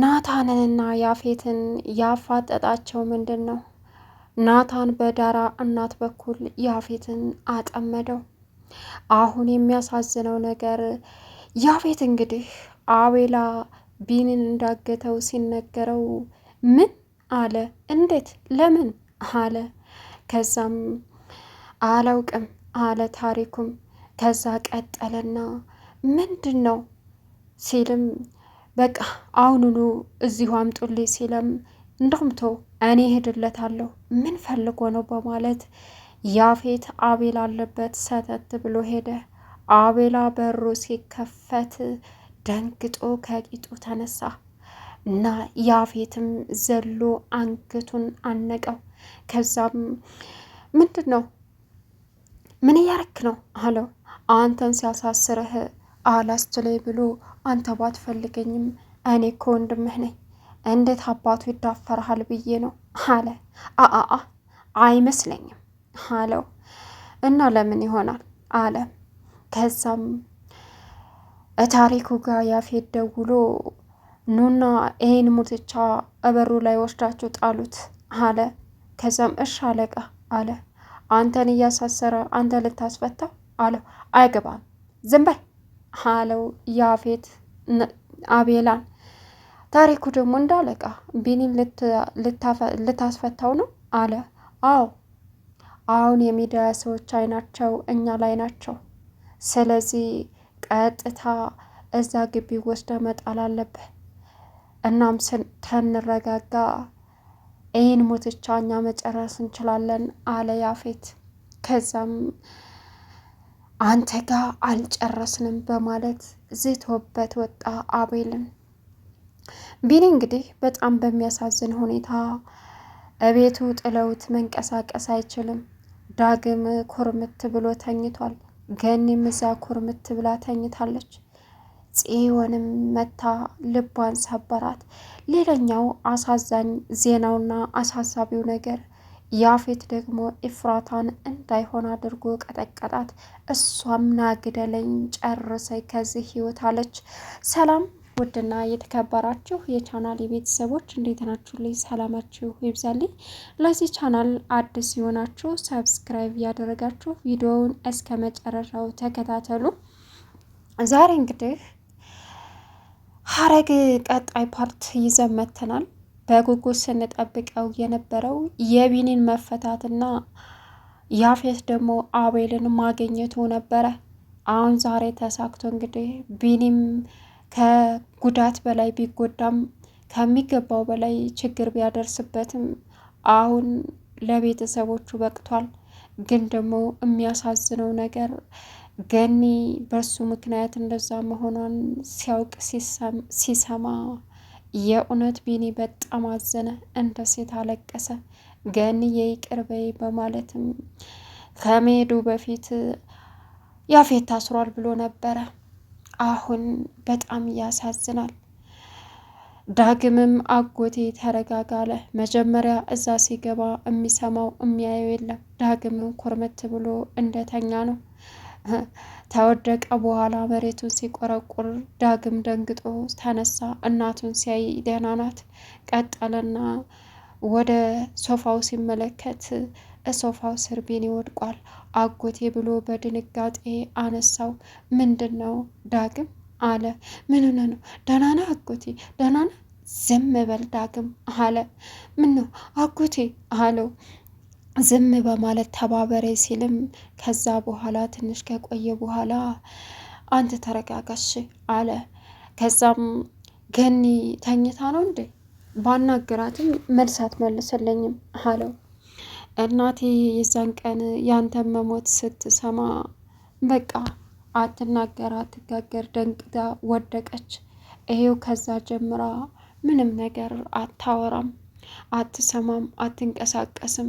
ናታንንና ያፌትን ያፋጠጣቸው ምንድን ነው? ናታን በዳራ እናት በኩል ያፌትን አጠመደው። አሁን የሚያሳዝነው ነገር ያፌት እንግዲህ አቤላ ቢንን እንዳገተው ሲነገረው ምን አለ? እንዴት? ለምን አለ። ከዛም አላውቅም አለ ታሪኩም። ከዛ ቀጠለና ምንድን ነው ሲልም በቃ አሁኑኑ እዚሁ አምጡልኝ ሲለም እንደውም እኔ ሄድለታለሁ ምን ፈልጎ ነው በማለት ያፌት አቤል አለበት ሰተት ብሎ ሄደ። አቤላ በሩ ሲከፈት ደንግጦ ከቂጡ ተነሳ እና ያፌትም ዘሎ አንገቱን አነቀው። ከዛም ምንድን ነው ምን እያረክ ነው አለው። አንተን ሲያሳስረህ አላስችለኝ ብሎ አንተ ባትፈልገኝም እኔ እኮ ወንድምህ ነኝ፣ እንዴት አባቱ ይዳፈርሃል ብዬ ነው አለ። አአአ አይመስለኝም አለው። እና ለምን ይሆናል አለ። ከዛም እታሪኩ ጋር ያፌት ደውሎ ኑና ይሄን ሙትቻ እበሩ ላይ ወስዳችሁ ጣሉት አለ። ከዛም እሽ አለቃ አለ። አንተን እያሳሰረ አንተ ልታስፈታ አለው። አይገባም ዝም በል አለው ያፌት አቤላን። ታሪኩ ደግሞ እንዳለቃ ቢኒን ልታስፈታው ነው አለ። አዎ አሁን የሚዲያ ሰዎች አይናቸው እኛ ላይ ናቸው። ስለዚህ ቀጥታ እዛ ግቢ ወስደ መጣል አለብህ። እናም ተንረጋጋ፣ ይህን ሙትቻ እኛ መጨረስ እንችላለን አለ ያፌት። ከዛም አንተ ጋር አልጨረስንም በማለት ዝቶበት ወጣ አቤልን። ቢኒ እንግዲህ በጣም በሚያሳዝን ሁኔታ እቤቱ ጥለውት መንቀሳቀስ አይችልም። ዳግም ኩርምት ብሎ ተኝቷል። ገኒም እዛ ኩርምት ብላ ተኝታለች። ጽዮንም መታ ልቧን ሰበራት። ሌላኛው አሳዛኝ ዜናውና አሳሳቢው ነገር ያፌት ደግሞ ኢፍራታን እንዳይሆን አድርጎ ቀጠቀጣት። እሷም ናግደለኝ ጨርሰይ ከዚህ ህይወት አለች። ሰላም ውድና የተከበራችሁ የቻናል የቤተሰቦች እንዴት ናችሁልኝ? ሰላማችሁ ይብዛልኝ። ለዚህ ቻናል አዲስ የሆናችሁ ሰብስክራይብ ያደረጋችሁ ቪዲዮውን እስከ መጨረሻው ተከታተሉ። ዛሬ እንግዲህ ሀረግ ቀጣይ ፓርት ይዘን መጥተናል። በጉጉት ስንጠብቀው የነበረው የቢኒን መፈታትና ያፌት ደግሞ አቤልን ማግኘቱ ነበረ። አሁን ዛሬ ተሳክቶ እንግዲህ ቢኒም ከጉዳት በላይ ቢጎዳም ከሚገባው በላይ ችግር ቢያደርስበትም አሁን ለቤተሰቦቹ በቅቷል። ግን ደግሞ የሚያሳዝነው ነገር ገኒ በሱ ምክንያት እንደዛ መሆኗን ሲያውቅ ሲሰማ የእውነት ቢኒ በጣም አዘነ፣ እንደ ሴት አለቀሰ። ገንዬ ይቅር በይ በማለትም ከመሄዱ በፊት ያፌት ታስሯል ብሎ ነበረ። አሁን በጣም ያሳዝናል። ዳግምም አጎቴ ተረጋጋለ። መጀመሪያ እዛ ሲገባ የሚሰማው የሚያየው የለም። ዳግምም ኮርመት ብሎ እንደተኛ ነው። ተወደቀ በኋላ መሬቱን ሲቆረቁር ዳግም ደንግጦ ተነሳ። እናቱን ሲያይ ደህና ናት ቀጠለና ወደ ሶፋው ሲመለከት ሶፋው ስር ቢኒ ወድቋል። አጎቴ ብሎ በድንጋጤ አነሳው። ምንድን ነው ዳግም አለ። ምን ነው? ደህና ነህ አጎቴ? ደህና ነህ? ዝም በል ዳግም አለ። ምን ነው አጎቴ አለው። ዝም በማለት ተባበሬ ሲልም ከዛ በኋላ ትንሽ ከቆየ በኋላ አንተ ተረጋጋሽ አለ። ከዛም ገኒ ተኝታ ነው እንዴ ባናግራትም መልስ አትመልስልኝም አለው። እናቴ የዛን ቀን ያንተን መሞት ስትሰማ በቃ አትናገር አትጋገር ደንግጣ ወደቀች። ይሄው ከዛ ጀምራ ምንም ነገር አታወራም፣ አትሰማም፣ አትንቀሳቀስም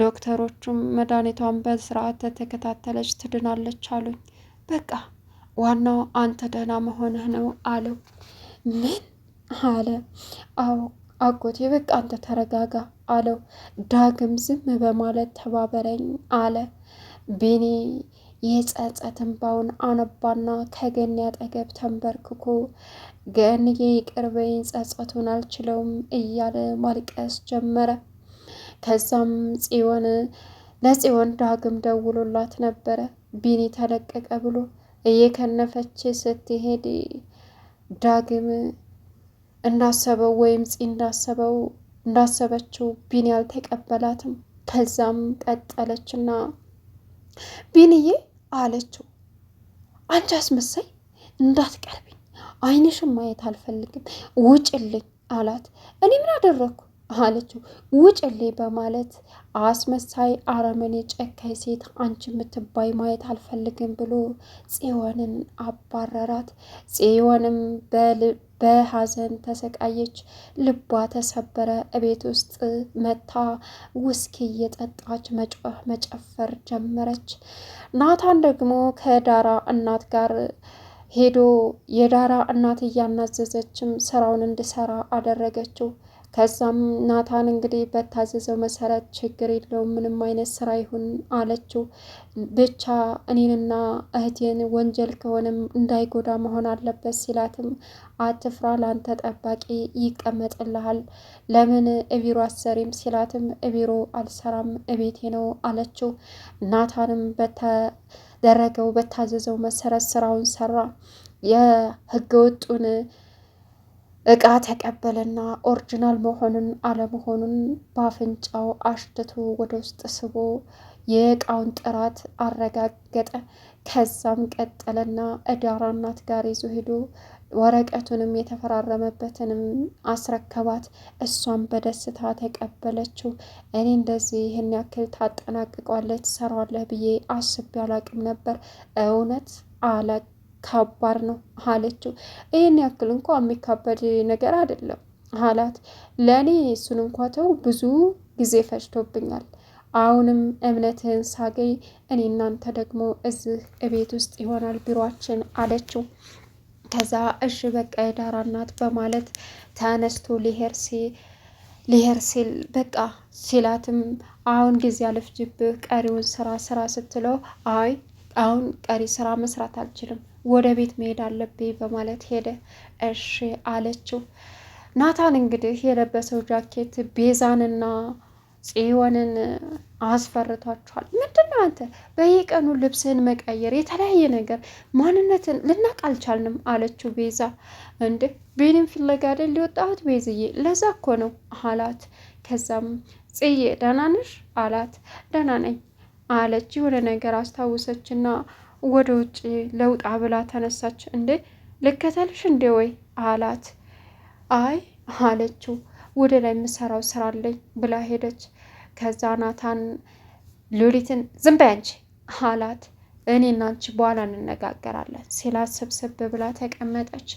ዶክተሮቹም መድኃኒቷን በስርዓት ተከታተለች ትድናለች አሉኝ። በቃ ዋናው አንተ ደህና መሆንህ ነው አለው። ምን አለ? አዎ አጎቴ፣ በቃ አንተ ተረጋጋ አለው። ዳግም ዝም በማለት ተባበረኝ አለ። ቢኒ የጸጸት እንባውን አነባና ከገኒ አጠገብ ተንበርክኮ ገን ይቅር በይኝ፣ ጸጸቱን አልችለውም እያለ ማልቀስ ጀመረ። ከዛም ጽዮን ለጽዮን ዳግም ደውሎላት ነበረ ቢኒ ተለቀቀ ብሎ እየከነፈች ስትሄድ ዳግም እንዳሰበው ወይም ፂ እንዳሰበው እንዳሰበችው ቢኒ አልተቀበላትም። ከዛም ቀጠለችና ቢንዬ አለችው፣ አንቺ አስመሳይ እንዳትቀርብኝ አይንሽም ማየት አልፈልግም፣ ውጭልኝ አላት። እኔ ምን አደረግኩ? አለችው። ውጭሌ በማለት አስመሳይ፣ አረመኔ፣ ጨካኝ ሴት አንቺ የምትባይ ማየት አልፈልግም ብሎ ጽዮንን አባረራት። ጽዮንም በሀዘን ተሰቃየች። ልቧ ተሰበረ። እቤት ውስጥ መታ ውስኪ እየጠጣች መጮህ መጨፈር ጀመረች። ናታን ደግሞ ከዳራ እናት ጋር ሄዶ የዳራ እናት እያናዘዘችም ስራውን እንዲሰራ አደረገችው። ከዛም ናታን እንግዲህ በታዘዘው መሰረት ችግር የለውም ምንም አይነት ስራ ይሁን አለችው። ብቻ እኔንና እህቴን ወንጀል ከሆነም እንዳይጎዳ መሆን አለበት ሲላትም አትፍራ፣ ለአንተ ጠባቂ ይቀመጥልሃል። ለምን እቢሮ አሰሪም ሲላትም እቢሮ አልሰራም እቤቴ ነው አለችው። ናታንም በተደረገው በታዘዘው መሰረት ስራውን ሰራ የህገወጡን እቃ ተቀበለና ኦሪጂናል መሆኑን አለመሆኑን በአፍንጫው አሽትቶ ወደ ውስጥ ስቦ የእቃውን ጥራት አረጋገጠ። ከዛም ቀጠለና እዳራ እናት ጋር ይዞ ሄዶ ወረቀቱንም የተፈራረመበትንም አስረከባት። እሷም በደስታ ተቀበለችው። እኔ እንደዚህ ይህን ያክል ታጠናቅቋለች ትሰራዋለህ ብዬ አስቤ አላቅም ነበር እውነት አላ ከባድ ነው አለችው። ይህን ያክል እንኳ የሚካበድ ነገር አይደለም አላት። ለእኔ እሱን እንኳ ተው ብዙ ጊዜ ፈጅቶብኛል። አሁንም እምነትህን ሳገኝ እኔ እናንተ ደግሞ እዚህ እቤት ውስጥ ይሆናል ቢሯችን አለችው። ከዛ እሺ በቃ የዳራ እናት በማለት ተነስቶ ሊሄርሴ ሊሄር ሲል በቃ ሲላትም አሁን ጊዜ አልፍጅብህ ቀሪውን ስራ ስራ ስትለው አይ አሁን ቀሪ ስራ መስራት አልችልም ወደ ቤት መሄድ አለብኝ በማለት ሄደ። እሺ አለችው። ናታን እንግዲህ የለበሰው ጃኬት ቤዛንና ጽዮንን አስፈርቷቸዋል። ምንድን ነው አንተ በየቀኑ ልብስህን መቀየር፣ የተለያየ ነገር ማንነትን ልናቅ አልቻልንም አለችው ቤዛ። እንደ ቤንም ፍለጋ አይደል ሊወጣሁት ቤዝዬ፣ ለዛ እኮ ነው አላት። ከዛም ጽዬ ደህና ነሽ አላት። ደህና ነኝ አለች። የሆነ ነገር አስታውሰችና ወደ ውጭ ለውጣ ብላ ተነሳች። እንዴ ልከተልሽ እንዴ ወይ አላት። አይ አለችው። ወደ ላይ የምሰራው ስራ አለኝ ብላ ሄደች። ከዛ ናታን ሉሊትን ዝም በይ አንቺ አላት። እኔ እናንቺ በኋላ እንነጋገራለን ሲላት ስብስብ ብላ ተቀመጠች።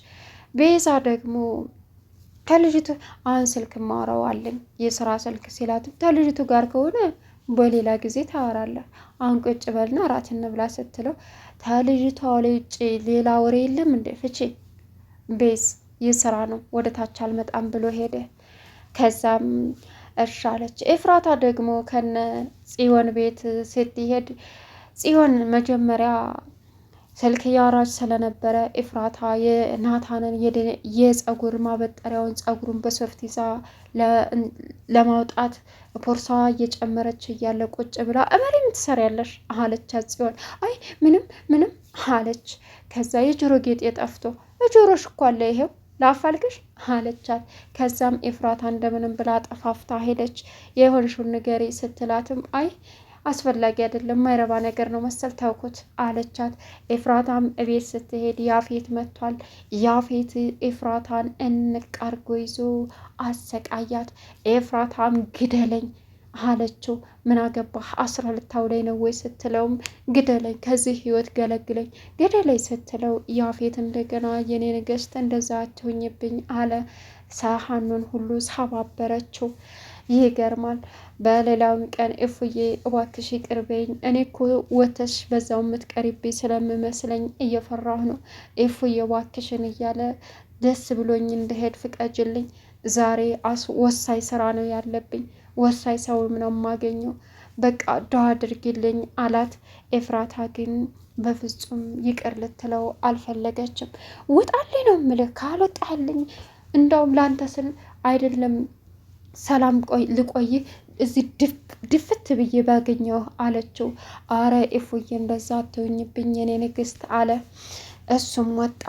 ቤዛ ደግሞ ከልጅቱ አሁን ስልክ ማውራው አለኝ የስራ ስልክ ሲላት ከልጅቱ ጋር ከሆነ በሌላ ጊዜ ታወራለህ። አሁን ቁጭ በልና እራት እንብላ ስትለው ተልጅቷ ውጭ ሌላ ወሬ የለም እንደ ፍቼ ይህ ስራ ነው ወደ ታች አልመጣም ብሎ ሄደ። ከዛም እርሻ አለች። ኤፍራታ ደግሞ ከነ ጽዮን ቤት ስትሄድ ጽዮን መጀመሪያ ስልክ ያራጅ ስለነበረ ኢፍራታ የናታንን የፀጉር ማበጠሪያውን ፀጉሩን በሶፍት ይዛ ለማውጣት ቦርሳዋ እየጨመረች እያለ ቁጭ ብላ እመሪ የምትሰሪ ያለሽ አለቻት ሲሆን አይ ምንም ምንም አለች። ከዛ የጆሮ ጌጥ የጠፍቶ ጆሮሽ እኮ አለ ይሄው ላፋልግሽ አለቻት። ከዛም ኤፍራታ እንደምንም ብላ ጠፋፍታ ሄደች። የሆንሽውን ንገሪ ስትላትም አይ አስፈላጊ አይደለም፣ ማይረባ ነገር ነው መሰል ተውኩት አለቻት። ኤፍራታም እቤት ስትሄድ ያፌት መጥቷል። ያፌት ኤፍራታን እንቃርጎ ይዞ አሰቃያት። ኤፍራታም ግደለኝ አለችው። ምን አገባህ አስራ ልታው ላይ ነው ወይ ስትለውም ግደለኝ፣ ከዚህ ህይወት ገለግለኝ፣ ግደለኝ ስትለው ያፌት እንደገና የኔ ንግስት እንደዛ አትሆኝብኝ አለ። ሳህኑን ሁሉ ሳባበረችው። ይገርማል። በሌላውም ቀን እፉዬ እባክሽ ይቅርበኝ፣ እኔ እኮ ወተሽ በዛው የምትቀሪብኝ ስለምመስለኝ እየፈራሁ ነው፣ እፉዬ እባክሽን እያለ ደስ ብሎኝ እንደሄድ ፍቀጅልኝ። ዛሬ ወሳኝ ስራ ነው ያለብኝ፣ ወሳኝ ሰውም ነው የማገኘው፣ በቃ ዱዓ አድርጊልኝ አላት። ኤፍራታ ግን በፍጹም ይቅር ልትለው አልፈለገችም። ውጣልኝ ነው የምልህ፣ ካልወጣልኝ እንደውም ላንተ ስል አይደለም ሰላም ልቆይህ እዚህ ድፍት ብዬ ባገኘው አለችው። አረ ኢፉዬን በዛ አትሆኝብኝ የኔ ንግስት አለ። እሱም ወጣ።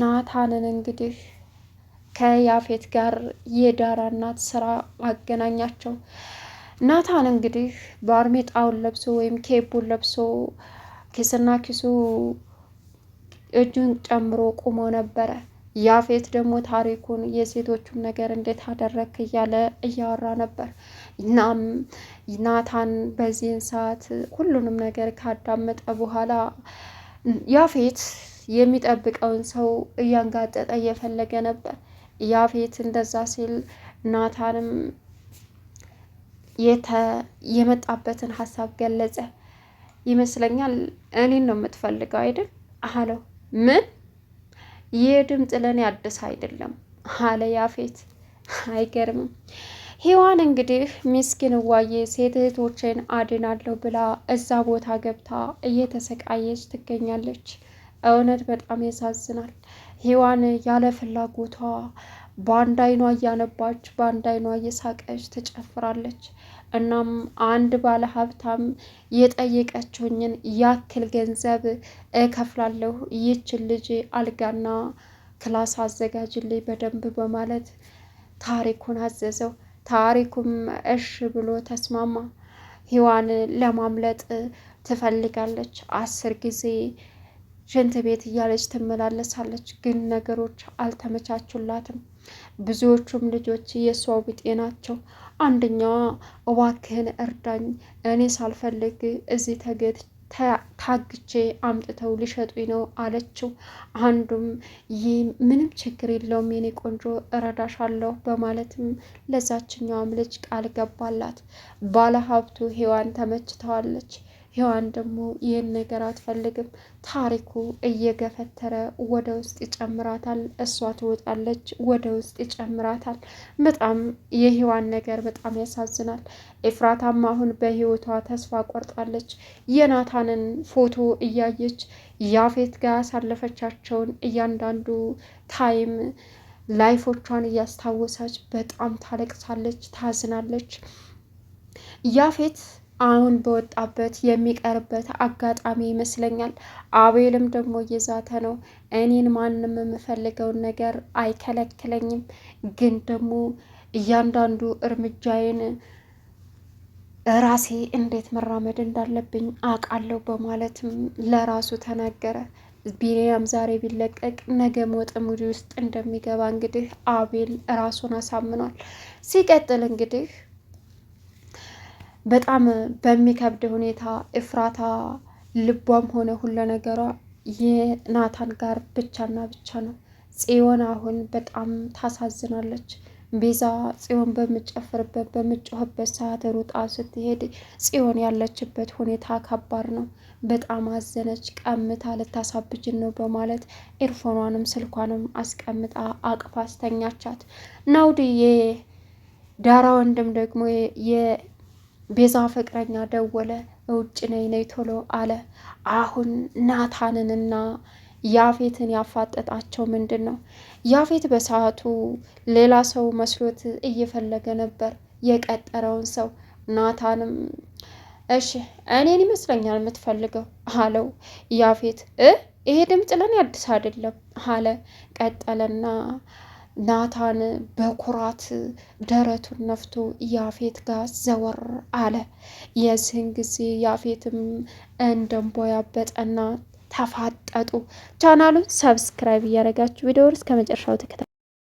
ናታንን እንግዲህ ከያፌት ጋር የዳራ እናት ስራ አገናኛቸው። ናታን እንግዲህ ባርሜጣውን ለብሶ ወይም ኬቡን ለብሶ ኪስና ኪሱ እጁን ጨምሮ ቁሞ ነበረ። ያፌት ደግሞ ታሪኩን የሴቶቹን ነገር እንዴት አደረክ እያለ እያወራ ነበር። እናም ናታን በዚህን ሰዓት ሁሉንም ነገር ካዳመጠ በኋላ ያፌት የሚጠብቀውን ሰው እያንጋጠጠ እየፈለገ ነበር። ያፌት እንደዛ ሲል ናታንም የመጣበትን ሀሳብ ገለጸ። ይመስለኛል እኔን ነው የምትፈልገው አይደል አለው። ምን ይህ ድምፅ ለእኔ አዲስ አይደለም አለ ያፌት። አይገርምም ሄዋን እንግዲህ ሚስኪን ዋዬ ሴት እህቶችን አድናለሁ ብላ እዛ ቦታ ገብታ እየተሰቃየች ትገኛለች። እውነት በጣም ያሳዝናል። ሄዋን ያለ ፍላጎቷ በአንድ አይኗ እያነባች በአንድ አይኗ እየሳቀች ትጨፍራለች። እናም አንድ ባለ ሀብታም የጠየቀችውኝን ያክል ገንዘብ እከፍላለሁ፣ ይችን ልጅ አልጋና ክላስ አዘጋጅልኝ በደንብ በማለት ታሪኩን አዘዘው። ታሪኩም እሽ ብሎ ተስማማ። ሂዋን ለማምለጥ ትፈልጋለች። አስር ጊዜ ሽንት ቤት እያለች ትመላለሳለች፣ ግን ነገሮች አልተመቻቹላትም። ብዙዎቹም ልጆች የእሷው ቢጤ ናቸው። አንደኛዋ እባክህን እርዳኝ፣ እኔ ሳልፈልግ እዚህ ተገት ታግቼ አምጥተው ሊሸጡኝ ነው አለችው። አንዱም ይህ ምንም ችግር የለውም የኔ ቆንጆ እረዳሻለሁ በማለትም ለዛችኛዋም ልጅ ቃል ገባላት። ባለሀብቱ ሔዋን ተመችተዋለች። ሔዋን ደግሞ ይህን ነገር አትፈልግም። ታሪኩ እየገፈተረ ወደ ውስጥ ይጨምራታል። እሷ ትወጣለች፣ ወደ ውስጥ ይጨምራታል። በጣም የሔዋን ነገር በጣም ያሳዝናል። ኤፍራታም አሁን በህይወቷ ተስፋ ቆርጣለች። የናታንን ፎቶ እያየች ያፌት ጋር ያሳለፈቻቸውን እያንዳንዱ ታይም ላይፎቿን እያስታወሰች በጣም ታለቅሳለች፣ ታዝናለች። ያፌት አሁን በወጣበት የሚቀርበት አጋጣሚ ይመስለኛል። አቤልም ደግሞ እየዛተ ነው። እኔን ማንም የምፈልገውን ነገር አይከለክለኝም፣ ግን ደግሞ እያንዳንዱ እርምጃዬን ራሴ እንዴት መራመድ እንዳለብኝ አውቃለሁ በማለትም ለራሱ ተናገረ። ቢኒያም ዛሬ ቢለቀቅ ነገ ሞት ሙዲ ውስጥ እንደሚገባ እንግዲህ አቤል ራሱን አሳምኗል። ሲቀጥል እንግዲህ በጣም በሚከብድ ሁኔታ እፍራታ ልቧም ሆነ ሁለ ነገሯ የናታን ጋር ብቻና ብቻ ነው። ጽዮን አሁን በጣም ታሳዝናለች። ቤዛ ጽዮን በምጨፍርበት በምጮህበት ሰዓት ሩጣ ስትሄድ ጽዮን ያለችበት ሁኔታ ከባድ ነው። በጣም አዘነች። ቀምታ ልታሳብጅን ነው በማለት ኤርፎኗንም ስልኳንም አስቀምጣ አቅፋ አስተኛቻት። ናውድ የዳራ ወንድም ደግሞ ቤዛ ፍቅረኛ ደወለ። ውጭ ነይ ነይ ቶሎ አለ። አሁን ናታንንና ያፌትን ያፋጠጣቸው ምንድን ነው? ያፌት በሰዓቱ ሌላ ሰው መስሎት እየፈለገ ነበር የቀጠረውን ሰው። ናታንም እሺ እኔን ይመስለኛል የምትፈልገው አለው። ያፌት ይሄ ድምፅ ለኔ አዲስ አይደለም አለ። ቀጠለና ናታን በኩራት ደረቱን ነፍቶ ያፌት ጋር ዘወር አለ። የዚህን ጊዜ ያፌትም ያበጠና ተፋጠጡ። ቻናሉን ሰብስክራይብ እያደረጋችሁ ቪዲዮውን እስከ መጨረሻው ተከታተሉ።